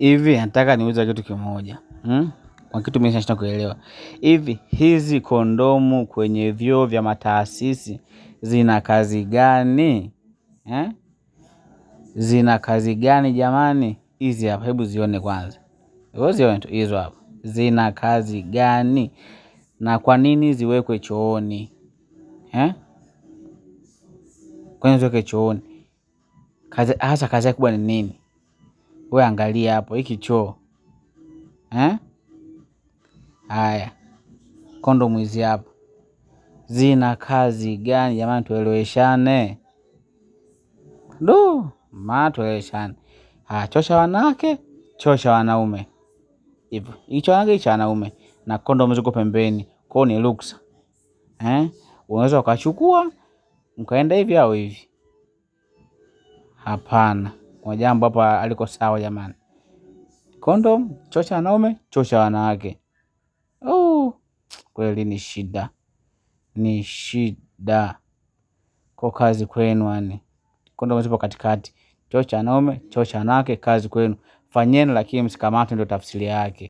hivi nataka niuze kitu kimoja hmm? Kwa kitu mimi nashinda kuelewa. Hivi hizi kondomu kwenye vyoo vya mataasisi zina kazi gani eh? Zina kazi gani jamani? Hizi hapa, hebu zione kwanza, zione tu hizo hapa, zina kazi gani na kwa nini ziwekwe chooni eh? Kwa nini ziwekwe chooni? Hasa kazi kubwa ni nini? wewe angalia hapo hiki choo eh? Haya, kondomu hizi hapo zina kazi gani jamani? Tueleweshane do ma tueleweshane. Haya, chosha wanawake, chosha wanaume, hivyo hicho wanawake, hicho wanaume, na kondomu ziko pembeni kwao, ni luksa eh? Unaweza ukachukua mkaenda hivi au hivi. Hapana kuna jambo hapa aliko sawa jamani. Kondom choo cha wanaume, choo cha wanawake. Oh, kweli ni shida, ni shida kwa kazi kwenu yani. Kondom zipo katikati, choo cha wanaume, choo cha wanawake, kazi kwenu. Fanyeni lakini msikamate, ndio tafsiri yake.